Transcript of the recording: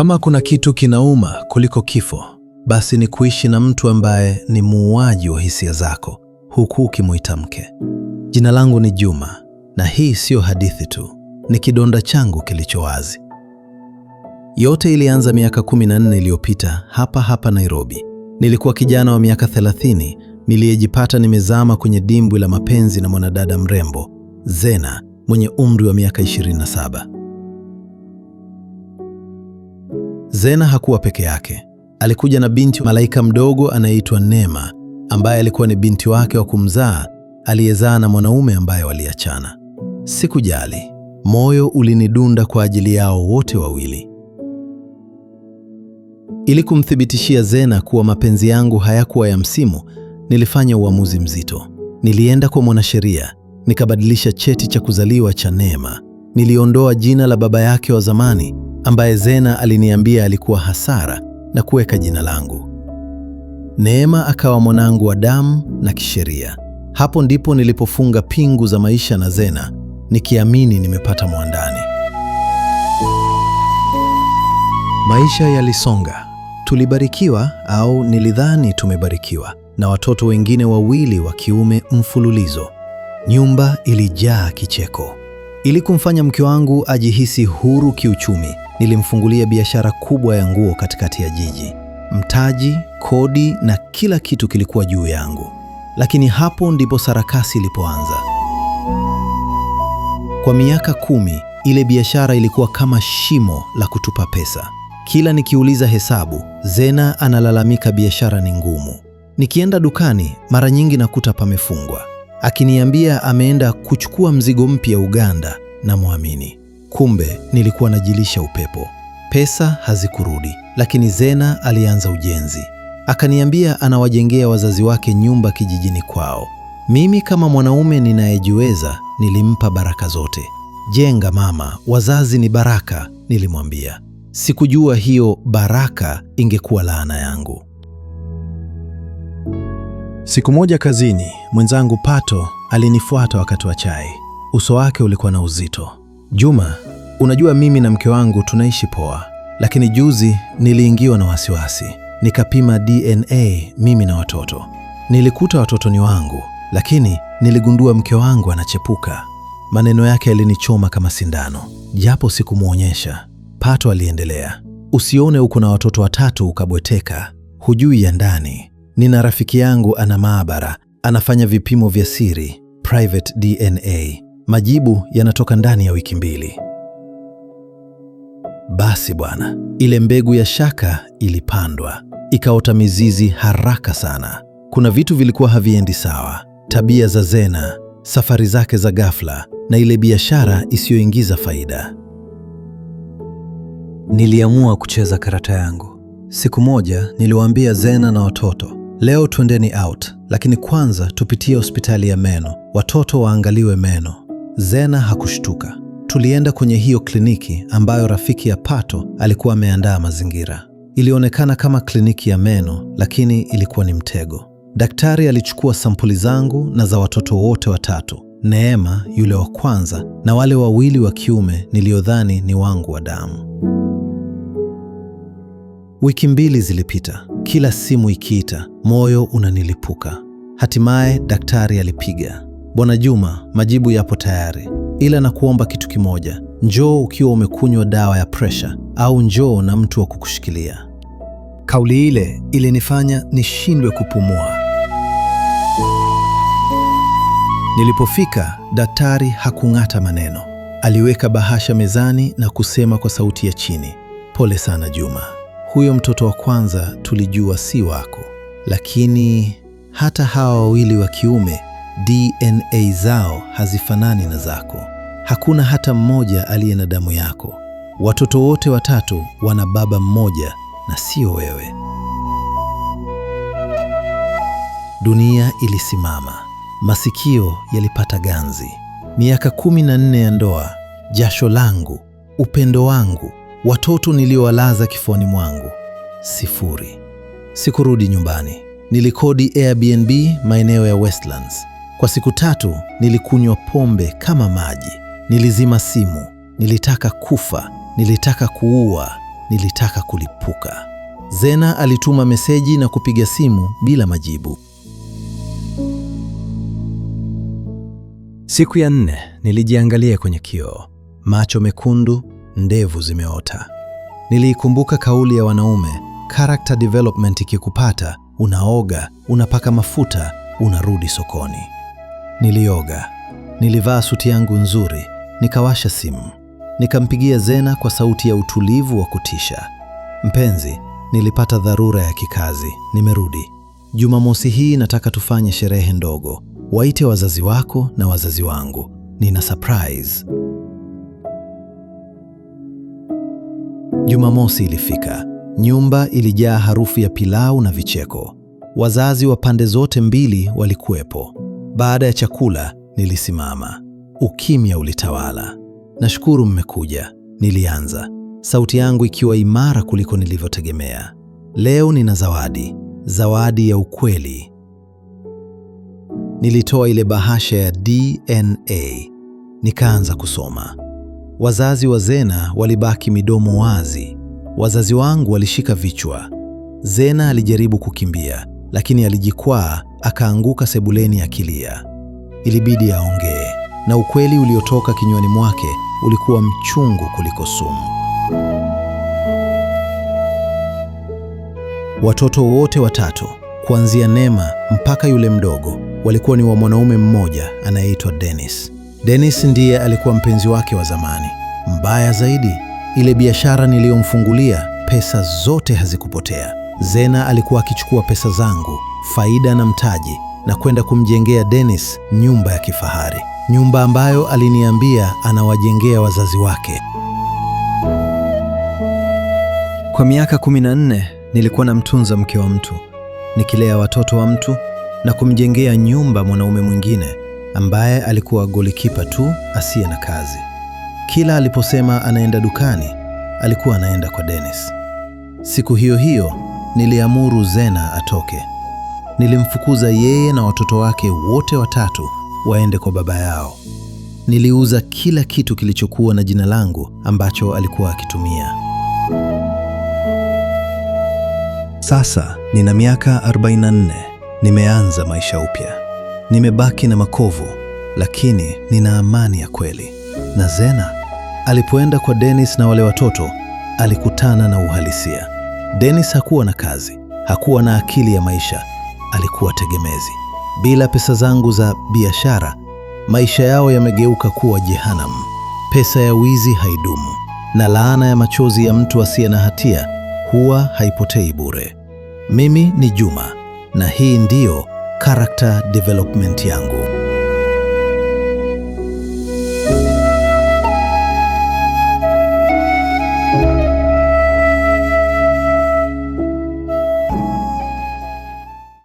Kama kuna kitu kinauma kuliko kifo, basi ni kuishi na mtu ambaye ni muuaji wa hisia zako huku ukimwita mke. Jina langu ni Juma na hii siyo hadithi tu, ni kidonda changu kilicho wazi. Yote ilianza miaka 14 iliyopita hapa hapa Nairobi. Nilikuwa kijana wa miaka 30 niliyejipata nimezama kwenye dimbwi la mapenzi na mwanadada mrembo Zena mwenye umri wa miaka 27. Zena hakuwa peke yake. Alikuja na binti malaika mdogo anayeitwa nema ambaye alikuwa ni binti wake wa kumzaa aliyezaa na mwanaume ambaye waliachana. Sikujali, moyo ulinidunda kwa ajili yao wote wawili. Ili kumthibitishia Zena kuwa mapenzi yangu hayakuwa ya msimu, nilifanya uamuzi mzito. Nilienda kwa mwanasheria, nikabadilisha cheti cha kuzaliwa cha Neema. Niliondoa jina la baba yake wa zamani ambaye Zena aliniambia alikuwa hasara na kuweka jina langu. Neema akawa mwanangu wa damu na kisheria. Hapo ndipo nilipofunga pingu za maisha na Zena nikiamini nimepata mwandani. Maisha yalisonga, tulibarikiwa au nilidhani tumebarikiwa na watoto wengine wawili wa kiume mfululizo. Nyumba ilijaa kicheko. Ili kumfanya mke wangu ajihisi huru kiuchumi, nilimfungulia biashara kubwa ya nguo katikati ya jiji. Mtaji, kodi na kila kitu kilikuwa juu yangu, lakini hapo ndipo sarakasi ilipoanza. Kwa miaka kumi ile biashara ilikuwa kama shimo la kutupa pesa. Kila nikiuliza hesabu, Zena analalamika biashara ni ngumu. Nikienda dukani, mara nyingi nakuta pamefungwa akiniambia ameenda kuchukua mzigo mpya Uganda na mwamini. Kumbe nilikuwa najilisha upepo. Pesa hazikurudi, lakini Zena alianza ujenzi. Akaniambia anawajengea wazazi wake nyumba kijijini kwao. Mimi kama mwanaume ninayejiweza nilimpa baraka zote. Jenga mama, wazazi ni baraka, nilimwambia. Sikujua hiyo baraka ingekuwa laana yangu. Siku moja kazini, mwenzangu Pato alinifuata wakati wa chai. Uso wake ulikuwa na uzito. Juma, unajua mimi na mke wangu tunaishi poa, lakini juzi niliingiwa na wasiwasi. Nikapima DNA mimi na watoto. Nilikuta watoto ni wangu, lakini niligundua mke wangu anachepuka. Maneno yake yalinichoma kama sindano, japo sikumwonyesha. Pato aliendelea, usione uko na watoto watatu ukabweteka, hujui ya ndani Nina rafiki yangu ana maabara, anafanya vipimo vya siri, private DNA. Majibu yanatoka ndani ya wiki mbili. Basi bwana, ile mbegu ya shaka ilipandwa, ikaota mizizi haraka sana. Kuna vitu vilikuwa haviendi sawa, tabia za Zena, safari zake za ghafla, na ile biashara isiyoingiza faida. Niliamua kucheza karata yangu. Siku moja niliwaambia Zena na watoto Leo twendeni out, lakini kwanza tupitie hospitali ya meno, watoto waangaliwe meno. Zena hakushtuka. Tulienda kwenye hiyo kliniki ambayo rafiki ya Pato alikuwa ameandaa mazingira. Ilionekana kama kliniki ya meno, lakini ilikuwa ni mtego. Daktari alichukua sampuli zangu na za watoto wote watatu, Neema yule wa kwanza na wale wawili wa kiume niliodhani ni wangu wa damu. Wiki mbili zilipita, kila simu ikiita, moyo unanilipuka. Hatimaye daktari alipiga. Bwana Juma, majibu yapo tayari, ila nakuomba kitu kimoja, njoo ukiwa umekunywa dawa ya presha, au njoo na mtu wa kukushikilia. Kauli ile ilinifanya nishindwe kupumua. Nilipofika, daktari hakung'ata maneno. Aliweka bahasha mezani na kusema kwa sauti ya chini, pole sana Juma huyo mtoto wa kwanza tulijua si wako, lakini hata hawa wawili wa kiume DNA zao hazifanani na zako. Hakuna hata mmoja aliye na damu yako. Watoto wote watatu wana baba mmoja na sio wewe. Dunia ilisimama, masikio yalipata ganzi. Miaka kumi na nne ya ndoa, jasho langu, upendo wangu Watoto niliowalaza kifuani mwangu sifuri. Sikurudi nyumbani. Nilikodi Airbnb maeneo ya Westlands kwa siku tatu. Nilikunywa pombe kama maji, nilizima simu, nilitaka kufa, nilitaka kuua, nilitaka kulipuka. Zena alituma meseji na kupiga simu bila majibu. Siku ya nne nilijiangalia kwenye kioo, macho mekundu, ndevu zimeota. Niliikumbuka kauli ya wanaume, character development ikikupata unaoga, unapaka mafuta, unarudi sokoni. Nilioga, nilivaa suti yangu nzuri, nikawasha simu, nikampigia Zena kwa sauti ya utulivu wa kutisha. Mpenzi, nilipata dharura ya kikazi, nimerudi. Jumamosi hii nataka tufanye sherehe ndogo, waite wazazi wako na wazazi wangu, nina surprise. Jumamosi ilifika. Nyumba ilijaa harufu ya pilau na vicheko. Wazazi wa pande zote mbili walikuwepo. Baada ya chakula, nilisimama. Ukimya ulitawala. Nashukuru mmekuja, nilianza, sauti yangu ikiwa imara kuliko nilivyotegemea. Leo nina zawadi, zawadi ya ukweli. Nilitoa ile bahasha ya DNA, nikaanza kusoma. Wazazi wa Zena walibaki midomo wazi. Wazazi wangu walishika vichwa. Zena alijaribu kukimbia, lakini alijikwaa akaanguka sebuleni akilia. Ilibidi aongee, na ukweli uliotoka kinywani mwake ulikuwa mchungu kuliko sumu. Watoto wote watatu kuanzia Nema mpaka yule mdogo walikuwa ni wa mwanaume mmoja anayeitwa Dennis. Dennis ndiye alikuwa mpenzi wake wa zamani. Mbaya zaidi, ile biashara niliyomfungulia, pesa zote hazikupotea. Zena alikuwa akichukua pesa zangu, faida na mtaji, na kwenda kumjengea Dennis nyumba ya kifahari, nyumba ambayo aliniambia anawajengea wazazi wake. Kwa miaka 14 nilikuwa namtunza mke wa mtu, nikilea watoto wa mtu na kumjengea nyumba mwanaume mwingine ambaye alikuwa golikipa tu asiye na kazi. Kila aliposema anaenda dukani, alikuwa anaenda kwa Dennis. Siku hiyo hiyo niliamuru Zena atoke. Nilimfukuza yeye na watoto wake wote watatu waende kwa baba yao. Niliuza kila kitu kilichokuwa na jina langu ambacho alikuwa akitumia. Sasa nina miaka 44, nimeanza maisha upya. Nimebaki na makovu, lakini nina amani ya kweli. Na Zena alipoenda kwa Dennis na wale watoto, alikutana na uhalisia. Dennis hakuwa na kazi, hakuwa na akili ya maisha, alikuwa tegemezi. Bila pesa zangu za biashara, maisha yao yamegeuka kuwa jehanamu. Pesa ya wizi haidumu, na laana ya machozi ya mtu asiye na hatia huwa haipotei bure. Mimi ni Juma na hii ndiyo character development yangu.